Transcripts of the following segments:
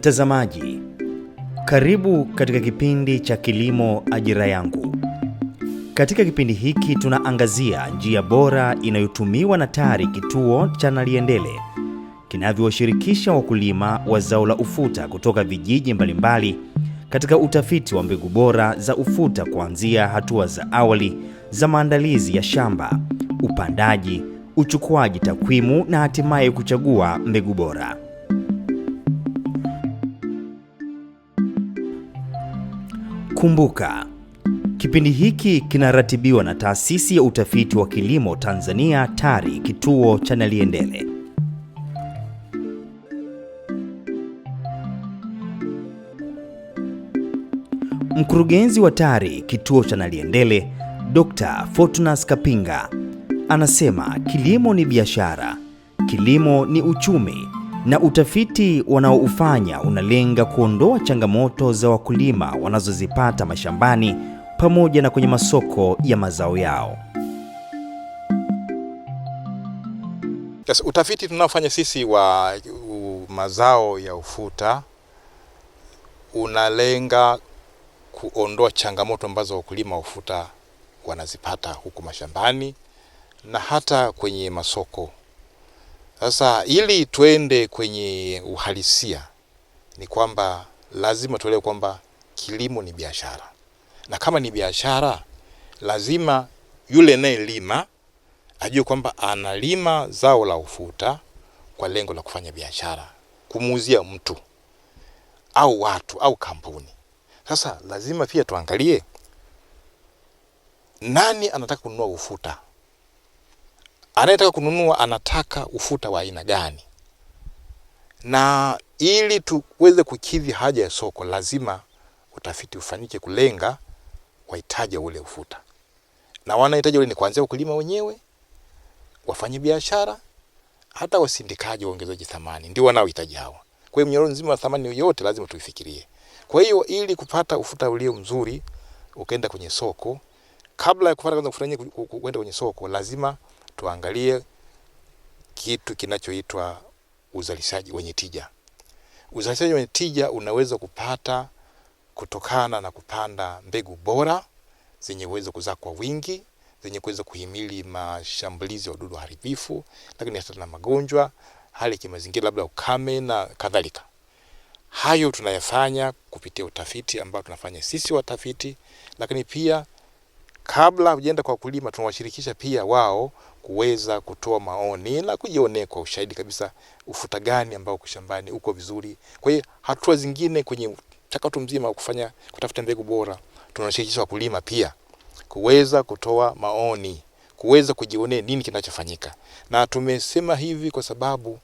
Mtazamaji, karibu katika kipindi cha Kilimo Ajira Yangu. Katika kipindi hiki tunaangazia njia bora inayotumiwa na TARI kituo cha Naliendele kinavyowashirikisha wakulima wa zao la ufuta kutoka vijiji mbalimbali katika utafiti wa mbegu bora za ufuta kuanzia hatua za awali za maandalizi ya shamba, upandaji, uchukuaji takwimu na hatimaye kuchagua mbegu bora. Kumbuka, kipindi hiki kinaratibiwa na Taasisi ya Utafiti wa Kilimo Tanzania TARI, kituo cha Naliendele. Mkurugenzi wa TARI kituo cha Naliendele, Dr. Fortunas Kapinga, anasema kilimo ni biashara, kilimo ni uchumi na utafiti wanaoufanya unalenga kuondoa changamoto za wakulima wanazozipata mashambani pamoja na kwenye masoko ya mazao yao. Yes, utafiti tunaofanya sisi wa mazao ya ufuta unalenga kuondoa changamoto ambazo wakulima wa ufuta wanazipata huku mashambani na hata kwenye masoko. Sasa ili tuende kwenye uhalisia ni kwamba lazima tuelewe kwamba kilimo ni biashara, na kama ni biashara, lazima yule anayelima ajue kwamba analima zao la ufuta kwa lengo la kufanya biashara, kumuuzia mtu au watu au kampuni. Sasa lazima pia tuangalie nani anataka kununua ufuta anayetaka kununua anataka ufuta wa aina gani, na ili tuweze kukidhi haja ya soko, lazima utafiti ufanyike kulenga wahitaji ule ufuta, na wanahitaji ule ni kuanzia wakulima wenyewe, wafanye biashara, hata wasindikaji, waongezaji thamani, ndio wanaohitaji hawa. Kwa hiyo mnyororo mzima wa thamani yote lazima tuifikirie. Kwa hiyo ili kupata ufuta ulio mzuri ukaenda kwenye soko, kabla ya kupata kwanza kufurahia kwenda kwenye soko, lazima tuangalie kitu kinachoitwa uzalishaji wenye tija. Uzalishaji wenye tija unaweza kupata kutokana na kupanda mbegu bora zenye uwezo kuzaa kwa wingi, zenye kuweza kuhimili mashambulizi ya wadudu haribifu, lakini hata na magonjwa, hali ya kimazingira, labda ukame na kadhalika. Hayo tunayafanya kupitia utafiti ambao tunafanya sisi watafiti, lakini pia kabla hujaenda kwa wakulima tunawashirikisha pia wao kuweza kutoa maoni na kujionea kwa ushahidi kabisa ufuta gani ambao uko shambani uko vizuri. Kwa hiyo hatua zingine kwenye mchakato mzima wa kufanya kutafuta mbegu bora, tunashirikisha wakulima pia kuweza kutoa maoni, kuweza kujionea nini kinachofanyika. Na tumesema hivi kwa sababu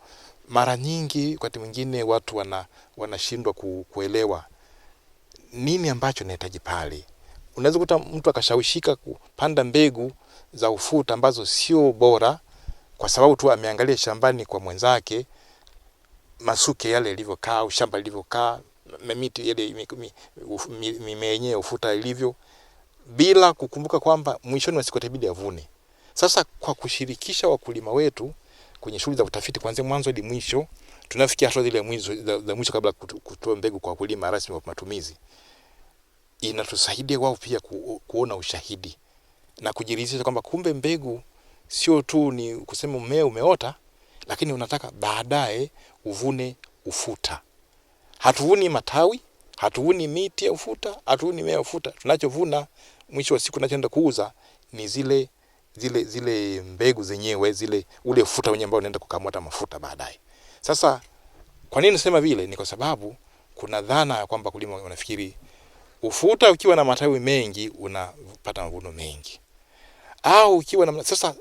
mara nyingi wakati mwingine watu wana wanashindwa kuelewa nini ambacho nahitaji pale unaweza kuta mtu akashawishika kupanda mbegu za ufuta ambazo sio bora, kwa sababu tu ameangalia shambani kwa mwenzake masuke yale ilivyokaa au shamba lilivyokaa miti ile mimea yenyewe ufuta ilivyo, bila kukumbuka kwamba mwishoni wa siku itabidi avune. Sasa kwa kushirikisha wakulima wetu kwenye shughuli za utafiti kuanzia mwanzo hadi mwisho, tunafikia hatua zile za mwisho kabla kutoa mbegu kwa wakulima rasmi wa matumizi inatusaidia wao pia ku, kuona ushahidi na kujiridhisha kwamba kumbe mbegu sio tu ni kusema mmea umeota, lakini unataka baadaye uvune ufuta. Hatuvuni matawi, hatuvuni miti ya ufuta, hatuvuni mmea ufuta. Tunachovuna mwisho wa siku, tunachoenda kuuza ni zile zile zile mbegu zenyewe, zile ule ufuta wenyewe ambao unaenda kukamata mafuta baadaye. Sasa kwa nini nasema vile? Ni kwa sababu kuna dhana ya kwamba kulima, wanafikiri Ufuta ukiwa na matawi mengi unapata mavuno mengi, au ukiwa na sasa.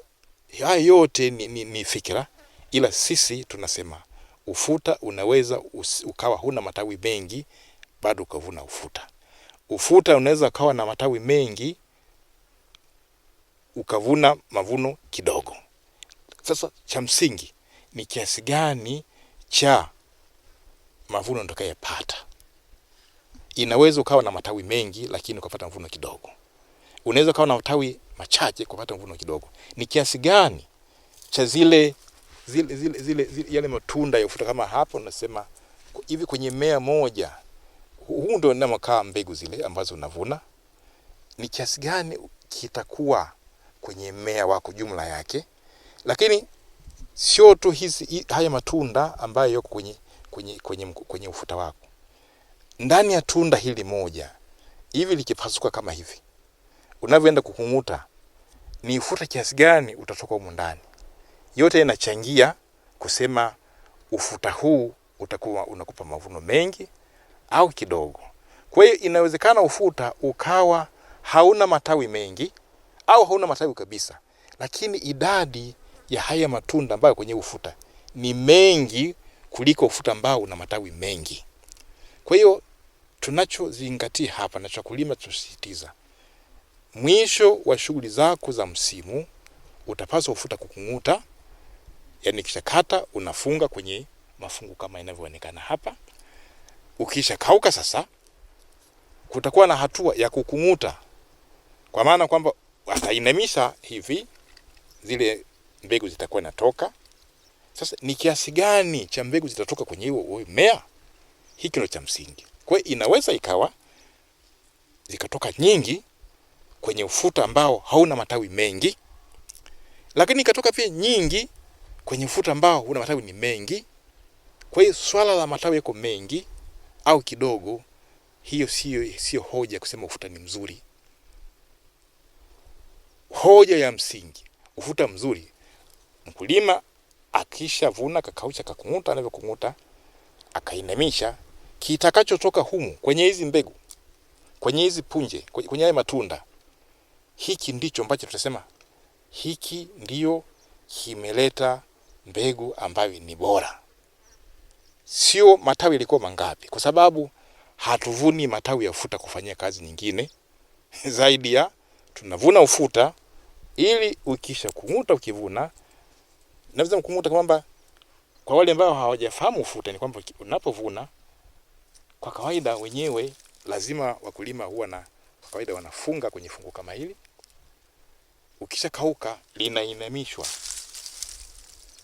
Haya yote ni, ni, ni fikira, ila sisi tunasema ufuta unaweza us, ukawa huna matawi mengi bado ukavuna ufuta. Ufuta unaweza ukawa na matawi mengi ukavuna mavuno kidogo. Sasa cha msingi ni kiasi gani cha mavuno nitakayopata inaweza ukawa na matawi mengi lakini ukapata mvuno kidogo, unaweza ukawa na matawi machache kupata mvuno kidogo. Ni kiasi gani cha zile, zile, zile, zile, zile yale matunda ya ufuta kama hapo unasema hivi kwenye mea moja huu ndio namakaa mbegu zile ambazo unavuna, ni kiasi gani kitakuwa kwenye mmea wako jumla yake. Lakini sio tu hizi haya matunda ambayo yako kwenye, kwenye, kwenye, kwenye ufuta wako ndani ya tunda hili moja hivi likipasuka kama hivi, unavyoenda kukung'uta, ni ufuta kiasi gani utatoka humu ndani. Yote inachangia kusema ufuta huu utakuwa unakupa mavuno mengi au kidogo. Kwa hiyo inawezekana ufuta ukawa hauna matawi mengi au hauna matawi kabisa, lakini idadi ya haya matunda ambayo kwenye ufuta ni mengi kuliko ufuta ambao una matawi mengi. Kwa hiyo tunachozingatia hapa na cha kulima, tunasisitiza mwisho wa shughuli zako za msimu utapaswa ufuta kukung'uta, yani kisha kata unafunga kwenye mafungu kama inavyoonekana hapa. Ukisha kauka sasa, kutakuwa na hatua ya kukung'uta, kwa maana kwamba watainamisha hivi, zile mbegu zitakuwa inatoka. Sasa ni kiasi gani cha mbegu zitatoka kwenye huo mmea? hiki ndo cha msingi. Kwa hiyo inaweza ikawa zikatoka nyingi kwenye ufuta ambao hauna matawi mengi, lakini ikatoka pia nyingi kwenye ufuta ambao una matawi ni mengi. Kwa hiyo swala la matawi yako mengi au kidogo, hiyo siyo, sio hoja kusema ufuta ni mzuri. Hoja ya msingi, ufuta mzuri, mkulima akishavuna kakaucha, kakung'uta, anavyokung'uta akainamisha kitakachotoka humu kwenye hizi mbegu, kwenye hizi punje, kwenye haya matunda, hiki ndicho ambacho tutasema hiki ndio kimeleta mbegu ambayo ni bora, sio matawi yalikuwa mangapi, kwa sababu hatuvuni matawi ya ufuta kufanyia kazi nyingine zaidi ya tunavuna ufuta, ili ukisha kung'uta, ukivuna, naweza kung'uta kwamba kwa wale ambao hawajafahamu ufuta ni kwamba unapovuna kwa kawaida wenyewe lazima wakulima huwa na kwa kawaida wanafunga kwenye fungu kama hili, ukisha kauka linainamishwa.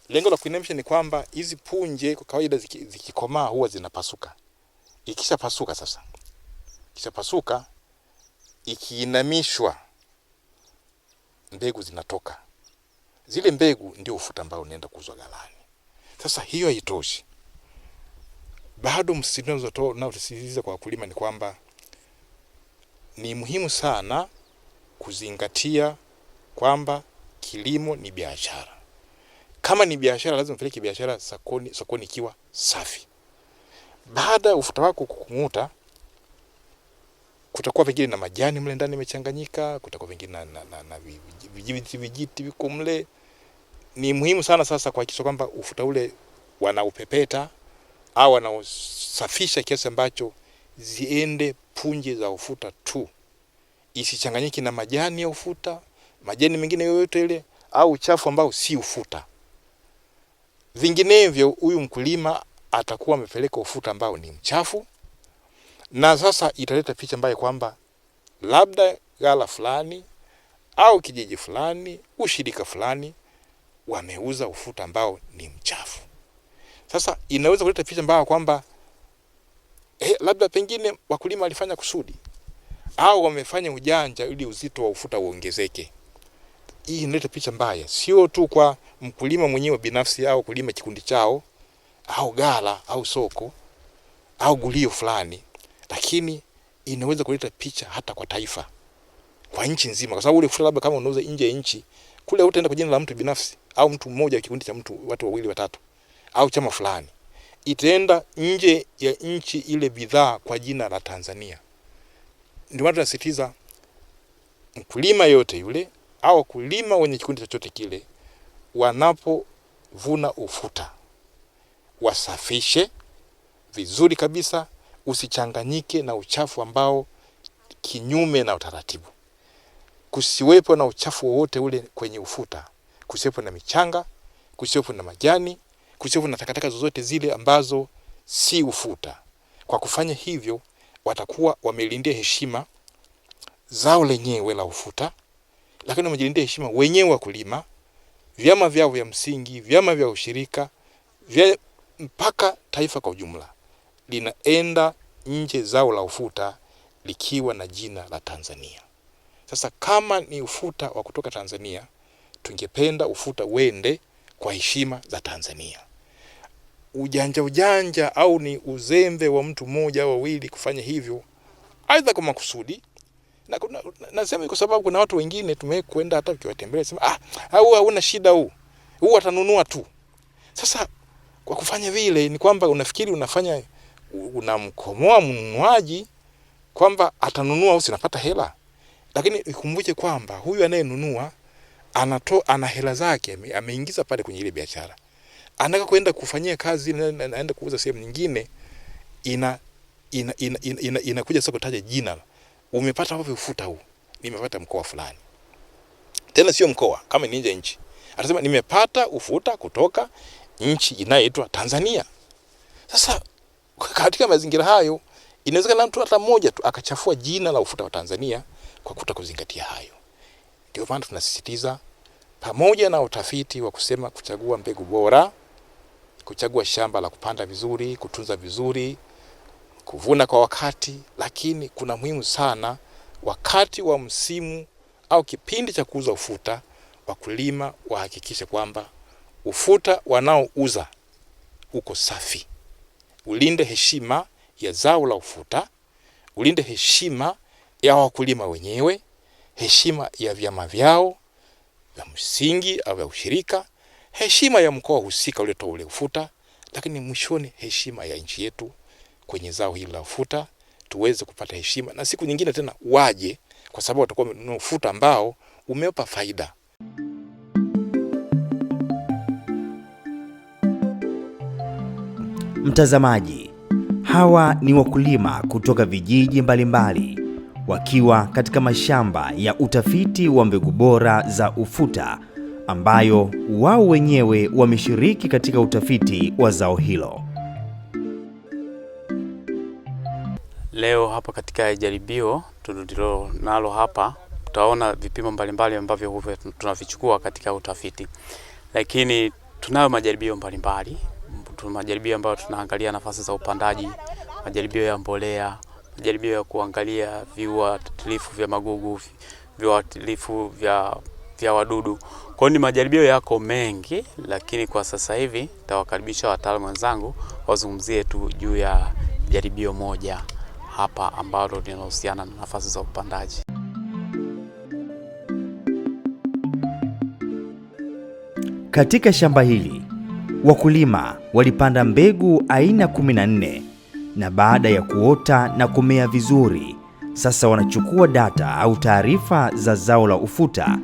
Lengo la kuinamisha ni kwamba hizi punje kwa kawaida zikikomaa huwa zinapasuka. Ikishapasuka sasa, ikishapasuka ikiinamishwa, mbegu zinatoka. Zile mbegu ndio ufuta ambao unaenda kuuzwa galani Sasa hiyo haitoshi bado msitizo naotusisitiza kwa wakulima ni kwamba ni muhimu sana kuzingatia kwamba kilimo ni biashara. Kama ni biashara, lazima mpeleke biashara sokoni, sokoni ikiwa safi. Baada ya ufuta wako kukung'uta, kutakuwa vingine na majani mle ndani imechanganyika, kutakuwa vingine na, na, na, na vijiti vijiti viko mle. Ni muhimu sana sasa kuhakikisha kwamba ufuta ule wanaupepeta au anaosafisha kiasi ambacho ziende punje za ufuta tu, isichanganyike na majani ya ufuta, majani mengine yoyote ile, au uchafu ambao si ufuta. Vinginevyo huyu mkulima atakuwa amepeleka ufuta ambao ni mchafu, na sasa italeta picha mbaya kwamba labda ghala fulani au kijiji fulani, ushirika fulani wameuza ufuta ambao ni mchafu. Sasa inaweza kuleta picha mbaya kwamba eh, labda pengine wakulima walifanya kusudi au wamefanya ujanja ili uzito wa ufuta uongezeke. Hii inaleta picha mbaya, sio tu kwa mkulima mwenyewe binafsi au kulima kikundi chao au gala au soko au gulio fulani, lakini inaweza kuleta picha hata kwa taifa, kwa nchi nzima, kwa sababu ule ufuta labda kama unauza nje ya nchi kule, utaenda kwa jina la mtu binafsi au mtu mmoja, kikundi cha mtu, watu wawili watatu au chama fulani itaenda nje ya nchi ile bidhaa kwa jina la Tanzania. Ndio maana tunasisitiza mkulima yote yule au wakulima wenye kikundi chochote kile, wanapovuna ufuta wasafishe vizuri kabisa, usichanganyike na uchafu ambao kinyume na utaratibu. Kusiwepo na uchafu wowote ule kwenye ufuta, kusiwepo na michanga, kusiwepo na majani kusivu na takataka zozote zile ambazo si ufuta. Kwa kufanya hivyo, watakuwa wamelindia heshima zao lenyewe la ufuta, lakini wamejilindia heshima wenyewe wa kulima vyama vyao vya msingi, vyama vya ushirika vya mpaka taifa kwa ujumla linaenda nje zao la ufuta likiwa na jina la Tanzania. Sasa kama ni ufuta wa kutoka Tanzania, tungependa ufuta wende kwa heshima za Tanzania ujanja ujanja au ni uzembe wa mtu mmoja au wawili kufanya hivyo, aidha kwa makusudi na, na, nasema kwa sababu kuna watu wengine tumekwenda hata ukiwatembelea sema ah, au hauna shida huu huu atanunua tu. Sasa kwa kufanya vile ni kwamba unafikiri unafanya unamkomoa mnunuaji kwamba atanunua au sinapata hela, lakini ikumbuke kwamba huyu anayenunua anato ana hela zake ameingiza pale kwenye ile biashara anataka kwenda kufanyia kazi, anaenda kuuza sehemu nyingine, ina ina inakuja ina, ina, ina, ina sasa kutaja jina, umepata wapi ufuta huu? Nimepata mkoa fulani, tena sio mkoa, kama ni nje nchi, atasema nimepata ufuta kutoka nchi inayoitwa Tanzania. Sasa katika mazingira hayo inawezekana mtu hata mmoja tu akachafua jina la ufuta wa Tanzania kwa kuta kuzingatia hayo. Ndio maana tunasisitiza pamoja na utafiti wa kusema kuchagua mbegu bora kuchagua shamba la kupanda vizuri, kutunza vizuri, kuvuna kwa wakati, lakini kuna muhimu sana wakati wa msimu au kipindi cha kuuza ufuta, wakulima wahakikishe kwamba ufuta wanaouza uko safi. Ulinde heshima ya zao la ufuta, ulinde heshima ya wakulima wenyewe, heshima ya vyama vyao vya msingi au vya ushirika heshima ya mkoa husika uliotoa ule ufuta, lakini mwishoni heshima ya nchi yetu kwenye zao hili la ufuta, tuweze kupata heshima na siku nyingine tena waje, kwa sababu watakuwa wamenunua ufuta ambao umewapa faida. Mtazamaji, hawa ni wakulima kutoka vijiji mbalimbali wakiwa katika mashamba ya utafiti wa mbegu bora za ufuta ambayo wao wenyewe wameshiriki katika utafiti wa zao hilo. Leo hapa katika jaribio tulilo nalo hapa, tutaona vipimo mbalimbali ambavyo huwa tunavichukua katika utafiti, lakini tunayo majaribio mbalimbali. Tuna majaribio ambayo tunaangalia nafasi za upandaji, majaribio ya mbolea, majaribio ya kuangalia viuatilifu vya magugu, viuatilifu vya ya wadudu. Kwa hiyo ni majaribio yako mengi, lakini kwa sasa hivi tawakaribisha wataalamu wenzangu wazungumzie tu juu ya jaribio moja hapa ambalo linahusiana na nafasi za upandaji. Katika shamba hili wakulima walipanda mbegu aina 14 na baada ya kuota na kumea vizuri, sasa wanachukua data au taarifa za zao la ufuta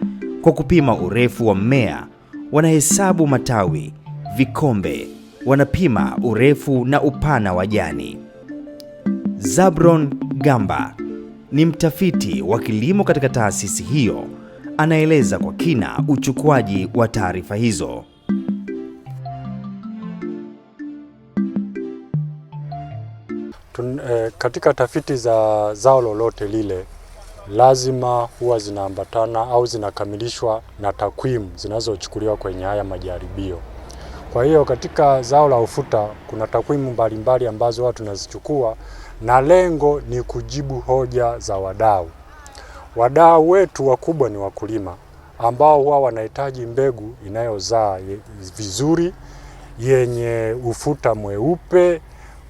kwa kupima urefu wa mmea, wanahesabu matawi, vikombe, wanapima urefu na upana wa jani. Zabron Gamba ni mtafiti wa kilimo katika taasisi hiyo, anaeleza kwa kina uchukuaji wa taarifa hizo. Tun, eh, katika tafiti za zao lolote lile lazima huwa zinaambatana au zinakamilishwa na takwimu zinazochukuliwa kwenye haya majaribio. Kwa hiyo katika zao la ufuta kuna takwimu mbalimbali ambazo watu tunazichukua, na lengo ni kujibu hoja za wadau. Wadau wetu wakubwa ni wakulima ambao huwa wanahitaji mbegu inayozaa vizuri, yenye ufuta mweupe,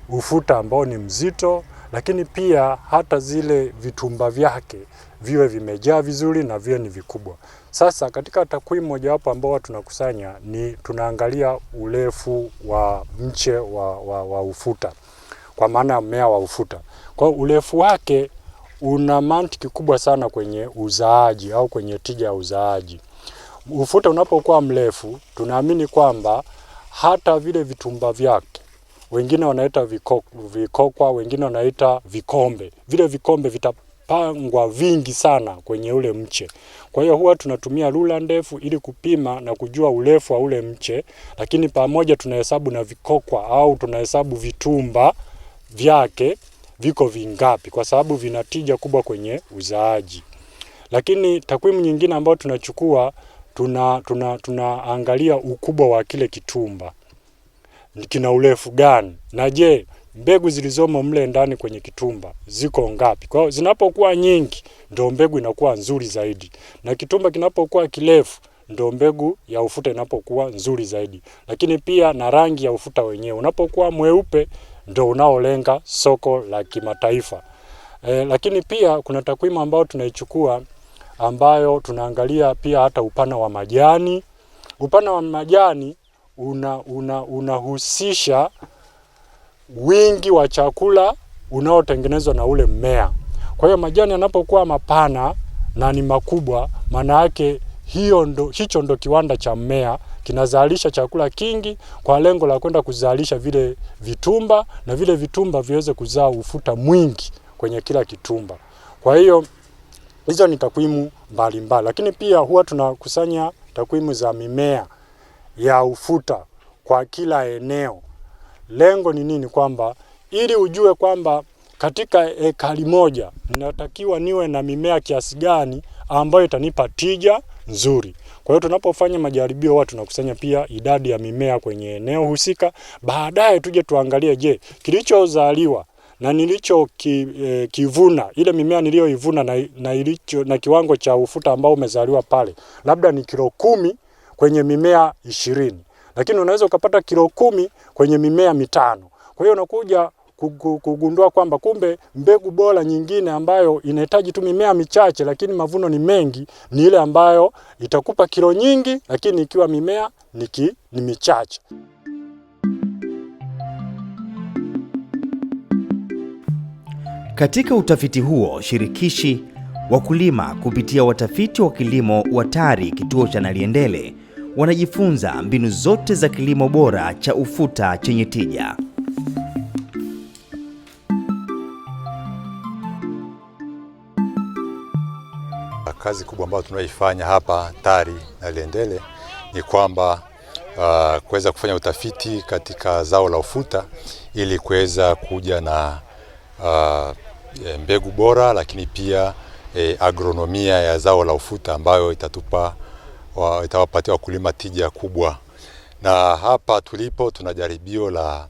ufuta ambao ni mzito lakini pia hata zile vitumba vyake viwe vimejaa vizuri na viwe ni vikubwa. Sasa katika takwimu mojawapo ambao tunakusanya ni tunaangalia urefu wa mche wa, wa, wa ufuta kwa maana ya mmea wa ufuta. Kwa hiyo urefu wake una mantiki kubwa sana kwenye uzaaji au kwenye tija ya uzaaji. Ufuta unapokuwa mrefu, tunaamini kwamba hata vile vitumba vyake wengine wanaita vikokwa, wengine wanaita vikombe. Vile vikombe vitapangwa vingi sana kwenye ule mche. Kwa hiyo huwa tunatumia rula ndefu ili kupima na kujua urefu wa ule mche, lakini pamoja tunahesabu na vikokwa au tunahesabu vitumba vyake viko vingapi, kwa sababu vina tija kubwa kwenye uzaaji. Lakini takwimu nyingine ambayo tunachukua tuna, tuna, tunaangalia ukubwa wa kile kitumba kina urefu gani, na je mbegu zilizomo mle ndani kwenye kitumba ziko ngapi? Kwa hiyo zinapokuwa nyingi ndio mbegu inakuwa nzuri zaidi, na kitumba kinapokuwa kirefu ndio mbegu ya ufuta inapokuwa nzuri zaidi, lakini pia na rangi ya ufuta wenyewe unapokuwa mweupe ndio unaolenga soko la kimataifa. E, lakini pia kuna takwimu ambayo tunaichukua ambayo tunaangalia pia hata upana wa majani. Upana wa majani unahusisha una, una wingi wa chakula unaotengenezwa na ule mmea. Kwa hiyo majani yanapokuwa mapana na ni makubwa, maana yake hiyo ndo, hicho ndo kiwanda cha mmea kinazalisha chakula kingi kwa lengo la kwenda kuzalisha vile vitumba na vile vitumba viweze kuzaa ufuta mwingi kwenye kila kitumba. Kwa hiyo hizo ni takwimu mbalimbali, lakini pia huwa tunakusanya takwimu za mimea ya ufuta kwa kila eneo. Lengo ni nini? Kwamba ili ujue kwamba katika ekari moja ninatakiwa niwe na mimea kiasi gani ambayo itanipa tija nzuri. Kwa hiyo tunapofanya majaribio huwa tunakusanya pia idadi ya mimea kwenye eneo husika, baadaye tuje tuangalie, je, kilichozaliwa na nilicho ki, e, kivuna ile mimea niliyoivuna na, na, na kiwango cha ufuta ambao umezaliwa pale labda ni kilo kumi kwenye mimea ishirini, lakini unaweza ukapata kilo kumi kwenye mimea mitano. Kwa hiyo unakuja kugundua kwamba kumbe mbegu bora nyingine ambayo inahitaji tu mimea michache lakini mavuno ni mengi ni ile ambayo itakupa kilo nyingi lakini ikiwa mimea niki, ni michache. Katika utafiti huo shirikishi, wakulima kupitia watafiti wa kilimo wa TARI kituo cha Naliendele wanajifunza mbinu zote za kilimo bora cha ufuta chenye tija. Kazi kubwa ambayo tunaoifanya hapa TARI Naliendele ni kwamba uh, kuweza kufanya utafiti katika zao la ufuta ili kuweza kuja na uh, e, mbegu bora, lakini pia eh, agronomia ya zao la ufuta ambayo itatupa wa, itawapatia wakulima tija kubwa, na hapa tulipo tuna jaribio la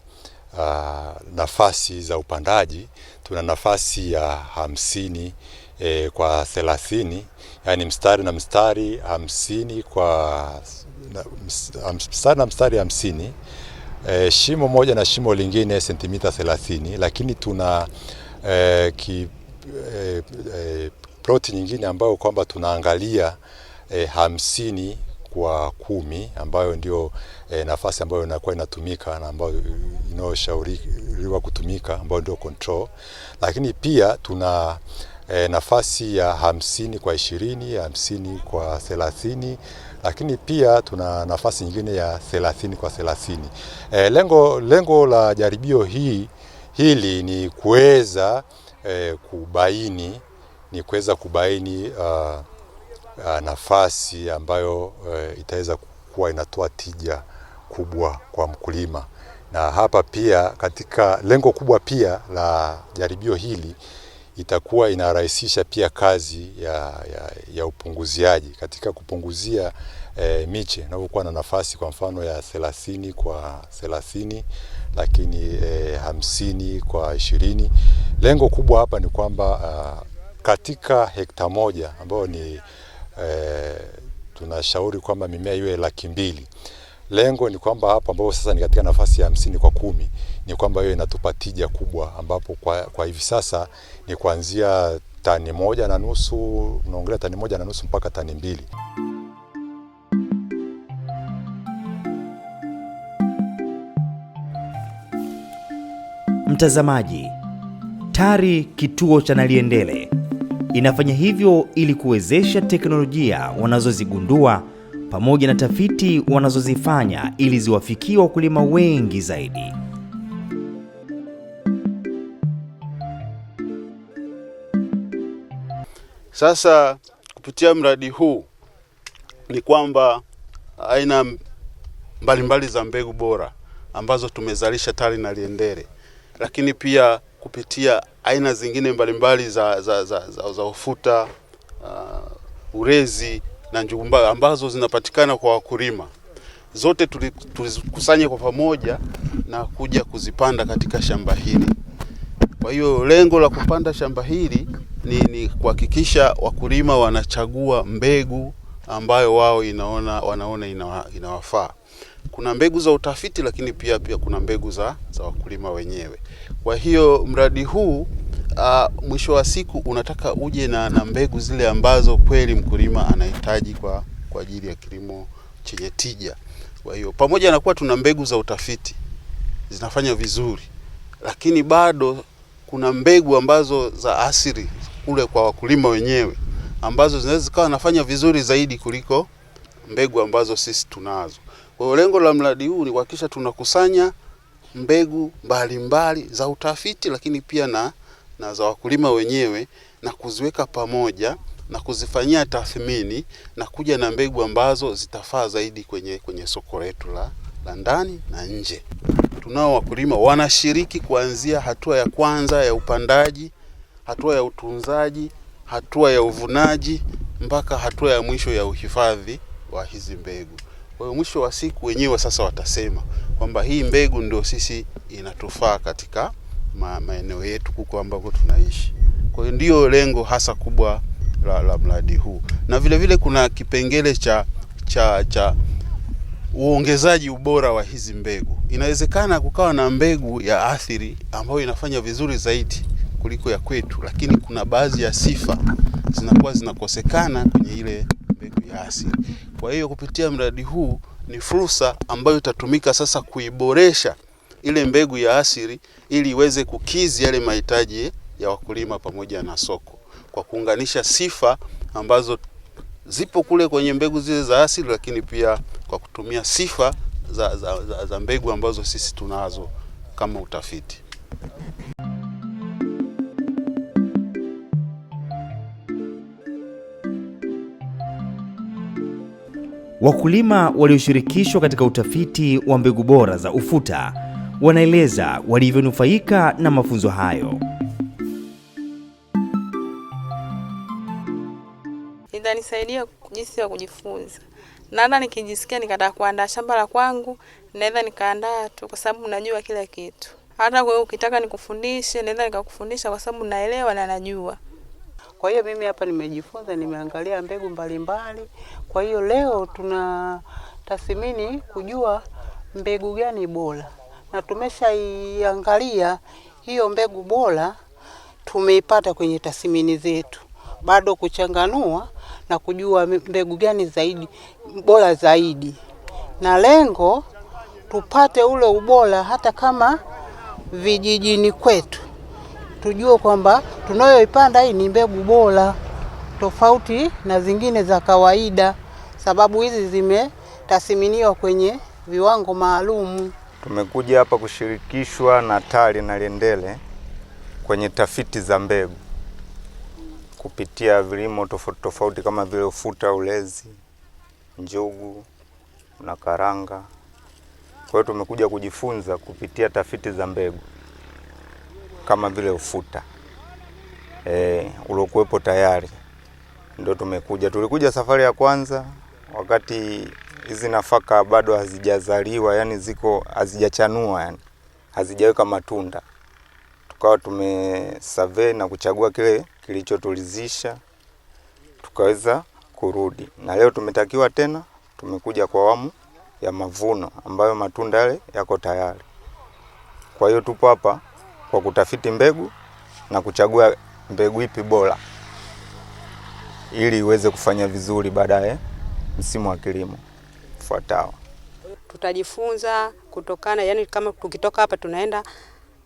uh, nafasi za upandaji. Tuna nafasi ya hamsini e, kwa thelathini, yaani mstari na mstari hamsini kwa mstari na mstari hamsini e, shimo moja na shimo lingine sentimita thelathini, lakini tuna e, ki, e, e, ploti nyingine ambayo kwamba tunaangalia e, hamsini kwa kumi ambayo ndio e, nafasi ambayo inakuwa inatumika na ambayo inayoshauriwa kutumika ambayo ndio control, lakini pia tuna e, nafasi ya hamsini kwa ishirini, hamsini kwa thelathini, lakini pia tuna nafasi nyingine ya thelathini kwa thelathini. E, lengo, lengo la jaribio hii hili ni kuweza e, kubaini ni kuweza kubaini uh, Uh, nafasi ambayo uh, itaweza kuwa inatoa tija kubwa kwa mkulima. Na hapa pia katika lengo kubwa pia la jaribio hili itakuwa inarahisisha pia kazi ya, ya, ya upunguziaji katika kupunguzia e, miche inayokuwa na nafasi kwa mfano ya thelathini kwa thelathini lakini e, hamsini kwa ishirini. Lengo kubwa hapa ni kwamba a, katika hekta moja ambayo ni e, tunashauri kwamba mimea iwe laki mbili. Lengo ni kwamba hapa ambapo sasa ni katika nafasi ya hamsini kwa kumi ni kwamba hiyo inatupa tija kubwa, ambapo kwa, kwa hivi sasa ni kuanzia tani moja na nusu unaongelea tani moja na nusu mpaka tani mbili. Mtazamaji, TARI kituo cha Naliendele Inafanya hivyo ili kuwezesha teknolojia wanazozigundua pamoja na tafiti wanazozifanya ili ziwafikie wakulima wengi zaidi. Sasa kupitia mradi huu ni kwamba aina mbalimbali mbali za mbegu bora ambazo tumezalisha TARI na liendere lakini pia kupitia aina zingine mbalimbali za, za, za, za, za ufuta uh, urezi na njumba ambazo zinapatikana kwa wakulima zote tulizikusanya kwa pamoja na kuja kuzipanda katika shamba hili. Kwa hiyo lengo la kupanda shamba hili ni, ni kuhakikisha wakulima wanachagua mbegu ambayo wao inaona, wanaona inawafaa kuna mbegu za utafiti, lakini pia pia kuna mbegu za, za wakulima wenyewe. Kwa hiyo mradi huu uh, mwisho wa siku unataka uje na, na mbegu zile ambazo kweli mkulima anahitaji kwa kwa ajili ya kilimo chenye tija. Kwa hiyo pamoja na kuwa tuna mbegu za utafiti zinafanya vizuri, lakini bado kuna mbegu ambazo za asili kule kwa wakulima wenyewe ambazo zinaweza zikawa nafanya vizuri zaidi kuliko mbegu ambazo sisi tunazo. Kwa hiyo lengo la mradi huu ni kuhakikisha tunakusanya mbegu mbalimbali mbali za utafiti, lakini pia na, na za wakulima wenyewe na kuziweka pamoja na kuzifanyia tathmini na kuja na mbegu ambazo zitafaa zaidi kwenye, kwenye soko letu la, la ndani na nje. Tunao wakulima wanashiriki kuanzia hatua ya kwanza ya upandaji, hatua ya utunzaji, hatua ya uvunaji mpaka hatua ya mwisho ya uhifadhi wa hizi mbegu. Kwa hiyo mwisho wa siku wenyewe sasa watasema kwamba hii mbegu ndio sisi inatufaa katika ma, maeneo yetu huko ambako tunaishi. Kwa hiyo ndiyo lengo hasa kubwa la, la mradi huu, na vile vile kuna kipengele cha cha cha uongezaji ubora wa hizi mbegu. Inawezekana kukawa na mbegu ya athiri ambayo inafanya vizuri zaidi kuliko ya kwetu, lakini kuna baadhi ya sifa zinakuwa zinakosekana kwenye ile mbegu ya asili. Kwa hiyo kupitia mradi huu ni fursa ambayo itatumika sasa kuiboresha ile mbegu ya asili ili iweze kukizi yale mahitaji ya wakulima pamoja na soko kwa kuunganisha sifa ambazo zipo kule kwenye mbegu zile za asili, lakini pia kwa kutumia sifa za, za, za, za mbegu ambazo sisi tunazo kama utafiti. Wakulima walioshirikishwa katika utafiti wa mbegu bora za ufuta wanaeleza walivyonufaika na mafunzo hayo. Itanisaidia jinsi ya kujifunza, naenda nikijisikia nikataka kuandaa shamba la kwangu, naweza nikaandaa tu, kwa sababu najua kila kitu. Hata wewe ukitaka nikufundishe, naweza nikakufundisha kwa sababu naelewa na najua. Kwa hiyo mimi hapa nimejifunza, nimeangalia mbegu mbalimbali, kwa hiyo leo tuna tathmini kujua mbegu gani bora, na tumeshaiangalia hiyo mbegu bora, tumeipata kwenye tathmini zetu. Bado kuchanganua na kujua mbegu gani zaidi bora zaidi, na lengo tupate ule ubora, hata kama vijijini kwetu tujue kwamba tunayoipanda hii ni mbegu bora, tofauti na zingine za kawaida sababu hizi zimetathiminiwa kwenye viwango maalum. Tumekuja hapa kushirikishwa na TARI Naliendele kwenye tafiti za mbegu kupitia vilimo tofauti tofauti kama vile ufuta, ulezi, njugu na karanga. Kwa hiyo tumekuja kujifunza kupitia tafiti za mbegu kama vile ufuta e, uliokuwepo tayari ndio tumekuja. Tulikuja safari ya kwanza wakati hizi nafaka bado hazijazaliwa, yani ziko hazijachanua, yani hazijaweka matunda. Tukawa tumesurvey na kuchagua kile kilichotulizisha tukaweza kurudi, na leo tumetakiwa tena, tumekuja kwa awamu ya mavuno ambayo matunda yale yako tayari. Kwa hiyo tupo hapa kwa kutafiti mbegu na kuchagua mbegu ipi bora ili iweze kufanya vizuri baadaye msimu wa kilimo fuatao. Tutajifunza kutokana, yani kama tukitoka hapa tunaenda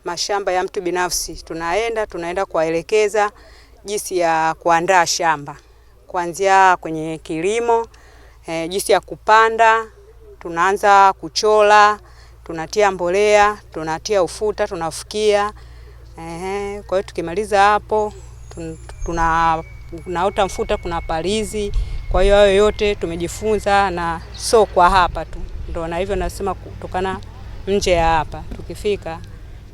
mashamba ya mtu binafsi, tunaenda tunaenda kuwaelekeza jinsi ya kuandaa shamba kuanzia kwenye kilimo e, jinsi ya kupanda, tunaanza kuchola, tunatia mbolea, tunatia ufuta, tunafukia eh, kwa hiyo tukimaliza hapo tun, tuna, tunaota mfuta, kuna palizi. Kwa hiyo hayo yote tumejifunza, na sio kwa hapa tu ndo, na hivyo nasema kutokana nje ya hapa tukifika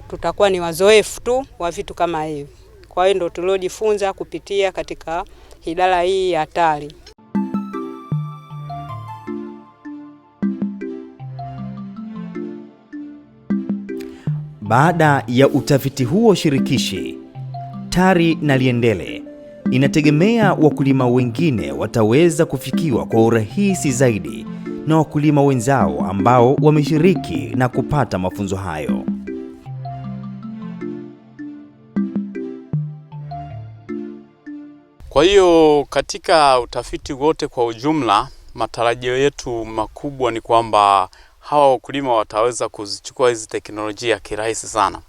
tutakuwa ni wazoefu tu wa vitu kama hivi. Kwa hiyo ndo tuliojifunza kupitia katika idara hii ya TARI. Baada ya utafiti huo shirikishi, TARI Naliendele inategemea wakulima wengine wataweza kufikiwa kwa urahisi zaidi na wakulima wenzao ambao wameshiriki na kupata mafunzo hayo. Kwa hiyo katika utafiti wote kwa ujumla, matarajio yetu makubwa ni kwamba hawa wakulima wataweza kuzichukua hizi teknolojia kirahisi sana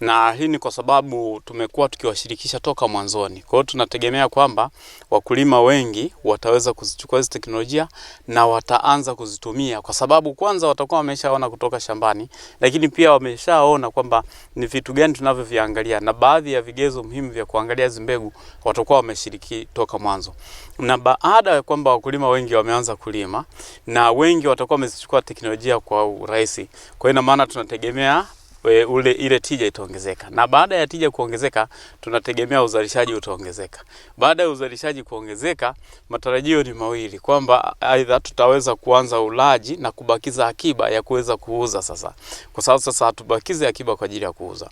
na hii ni kwa sababu tumekuwa tukiwashirikisha toka mwanzoni. Kwa hiyo tunategemea kwamba wakulima wengi wataweza kuzichukua hizi teknolojia na wataanza kuzitumia, kwa sababu kwanza watakuwa wameshaona kutoka shambani, lakini pia wameshaona kwamba ni vitu gani tunavyoviangalia na baadhi ya vigezo muhimu vya kuangalia hizi mbegu watakuwa wameshiriki toka mwanzo. Na baada ya kwamba wakulima wengi wameanza kulima na wengi watakuwa wamezichukua teknolojia kwa urahisi, kwa hiyo ina maana tunategemea ule, ile tija itaongezeka, na baada ya tija kuongezeka tunategemea uzalishaji utaongezeka. Baada ya uzalishaji kuongezeka, matarajio ni mawili, kwamba aidha tutaweza kuanza ulaji na kubakiza akiba ya kuweza kuuza sasa, kwa sababu sasa hatubakize akiba kwa ajili ya kuuza,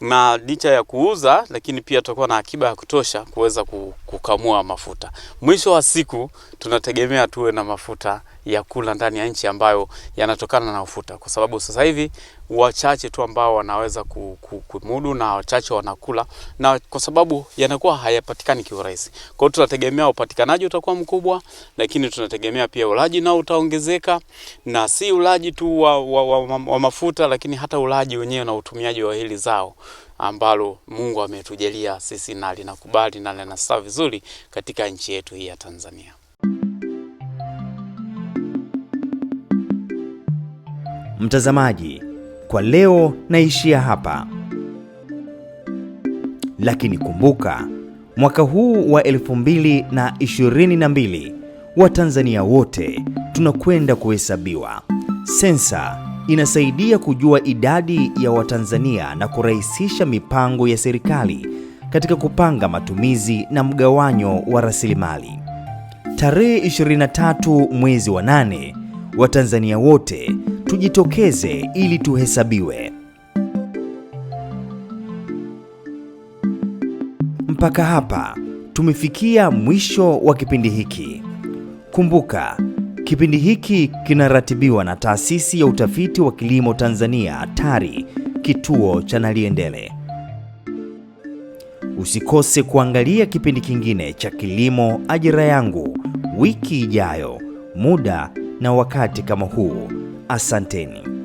na licha ya kuuza, lakini pia tutakuwa na akiba ya kutosha kuweza kukamua mafuta. Mwisho wa siku tunategemea tuwe na mafuta ya kula ndani ya nchi ambayo yanatokana na ufuta, kwa sababu sasa hivi wachache tu ambao wanaweza kumudu na wachache wanakula, na kwa sababu yanakuwa hayapatikani kiurahisi. Kwa hiyo tunategemea upatikanaji utakuwa mkubwa, lakini tunategemea pia ulaji nao utaongezeka, na si ulaji tu wa, wa, wa, wa, wa mafuta, lakini hata ulaji wenyewe na utumiaji wa hili zao ambalo Mungu ametujalia sisi na linakubali na linastawi vizuri katika nchi yetu hii ya Tanzania. mtazamaji, kwa leo naishia hapa, lakini kumbuka mwaka huu wa 2022 Watanzania wote tunakwenda kuhesabiwa. Sensa inasaidia kujua idadi ya Watanzania na kurahisisha mipango ya serikali katika kupanga matumizi na mgawanyo wa rasilimali. Tarehe 23 mwezi wa nane, Watanzania wote tujitokeze ili tuhesabiwe. Mpaka hapa tumefikia mwisho wa kipindi hiki. Kumbuka, kipindi hiki kinaratibiwa na Taasisi ya Utafiti wa Kilimo Tanzania TARI, kituo cha Naliendele. Usikose kuangalia kipindi kingine cha Kilimo Ajira Yangu wiki ijayo, muda na wakati kama huu. Asanteni.